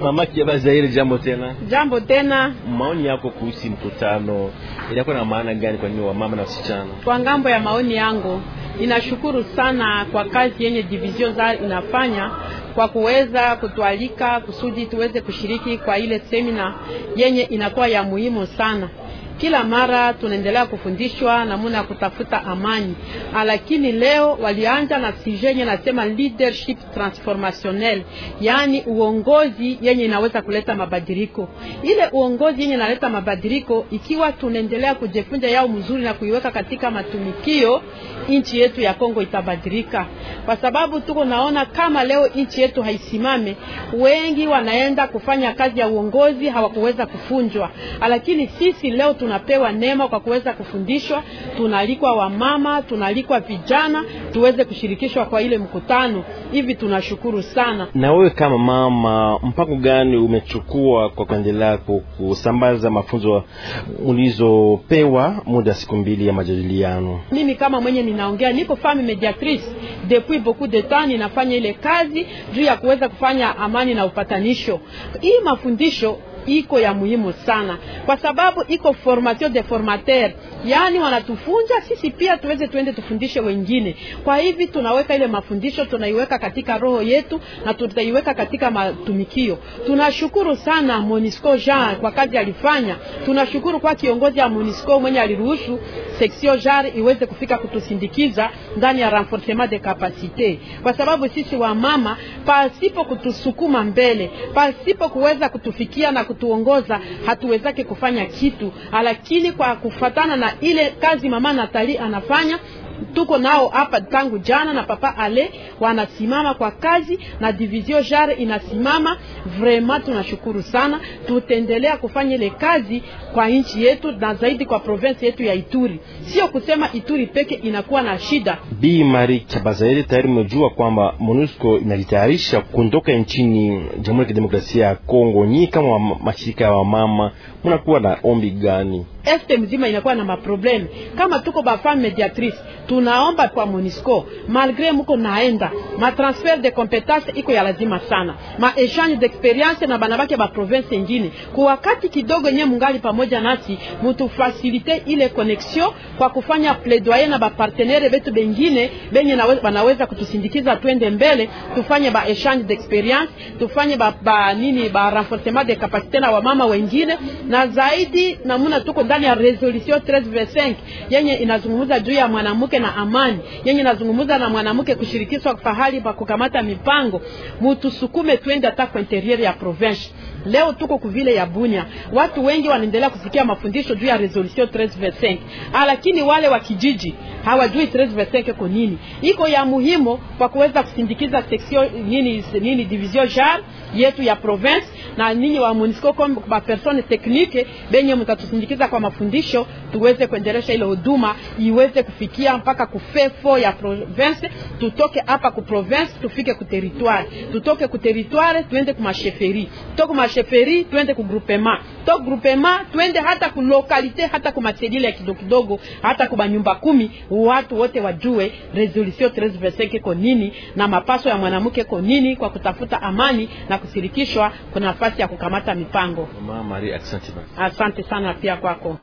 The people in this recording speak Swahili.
Mama Kiaba Zaire, jambo tena. Jambo tena. Maoni yako kuhusu mkutano ilikuwa na maana gani kwa nini wamama na wasichana? Kwa ngambo ya maoni yangu, ninashukuru sana kwa kazi yenye division za inafanya kwa kuweza kutualika kusudi tuweze kushiriki kwa ile semina yenye inakuwa ya muhimu sana. Kila mara tunaendelea kufundishwa namuna ya kutafuta amani, lakini leo walianja na sijenye nasema leadership transformationnel, yani uongozi yenye inaweza kuleta mabadiliko. Ile uongozi yenye inaleta mabadiliko, ikiwa tunaendelea kujifunza yao mzuri na kuiweka katika matumikio, nchi yetu ya Kongo itabadilika, kwa sababu tuko naona kama leo nchi yetu haisimame, wengi wanaenda kufanya kazi ya uongozi hawakuweza kufunjwa, lakini sisi leo tunapewa neema kwa kuweza kufundishwa, tunalikwa wamama, tunalikwa vijana tuweze kushirikishwa kwa ile mkutano. Hivi tunashukuru sana. Na wewe kama mama, mpango gani umechukua kwa kuendelea kusambaza mafunzo ulizopewa muda siku mbili ya majadiliano? Mimi kama mwenye ninaongea, niko femme mediatrice depuis beaucoup de temps, ninafanya ile kazi juu ya kuweza kufanya amani na upatanisho. Hii mafundisho iko ya muhimu sana, kwa sababu iko formation de formateur, yaani wanatufunja sisi pia tuweze tuende tufundishe wengine. Kwa hivi tunaweka ile mafundisho tunaiweka katika roho yetu na tutaiweka katika matumikio. Tunashukuru sana Monisco Jean kwa kazi alifanya, tunashukuru kwa kiongozi ya Monisco mwenye aliruhusu section JAR iweze kufika kutusindikiza ndani ya renforcement de capacité kwa sababu sisi wa mama pasipo kutusukuma mbele, pasipo kuweza kutufikia na kutuongoza, hatuwezake kufanya kitu. Lakini kwa kufatana na ile kazi mama Natali anafanya tuko nao hapa tangu jana, na papa ale wanasimama kwa kazi na division jare inasimama vraiment. Tunashukuru sana, tutaendelea kufanya ile kazi kwa nchi yetu na zaidi kwa province yetu ya Ituri. Sio kusema Ituri peke inakuwa na shida. Bi Mari Chabazaeli, tayari mmejua kwamba MONUSCO inajitayarisha kuondoka nchini Jamhuri ya Kidemokrasia ya Kongo. Nyinyi kama mashirika ya wamama, mnakuwa na ombi gani? este mzima inakuwa na maprobleme. Kama tuko bafam mediatrice, tunaomba kwa Monisco, malgre muko naenda ma matransfer de competence iko ya lazima sana, ma echange d'experience na banabake ba province ingine, kwa wakati kidogo nye mungali pamoja nasi, mutufasilite ile connexion kwa kufanya plaidoyer na bapartenere betu bengine benye banaweza kutusindikiza twende mbele, tufanye ba echange d'experience, tufanye ba, ba nini ba renforcement de capacite na wamama wengine na zaidi namuna tuko ndani ya resolution 1325 yenye inazungumza juu ya mwanamke na amani, yenye inazungumza na mwanamke kushirikishwa pahali pa kukamata mipango. Mutusukume twende hata kwa interior ya province. Leo tuko kuvile ya Bunia, watu wengi wanaendelea kusikia mafundisho juu ya resolution 1325, ah, lakini wale wa kijiji hawajui 1325 iko nini. Iko ya muhimu kwa kuweza kusindikiza section nini nini division jar yetu ya province na ninyi wa MONUSCO kwa ba persone teknike benye mtatusindikiza kwa mafundisho, tuweze kuendelesha ile huduma iweze kufikia mpaka kufefo ya province, tutoke hapa ku province tufike ku territoire, tutoke ku territoire tuende ku masheferi, tutoke masheferi tuende ku groupement, toke groupement tuende hata ku localité, hata ku masedile ya kidogo kidogo, hata ku nyumba kumi, watu wote wajue resolution 1325 iko nini na mapaso ya mwanamke iko nini kwa kutafuta amani na kusirikishwa kuna nafasi ya kukamata mipango. Mama Maria, asante sana pia kwako.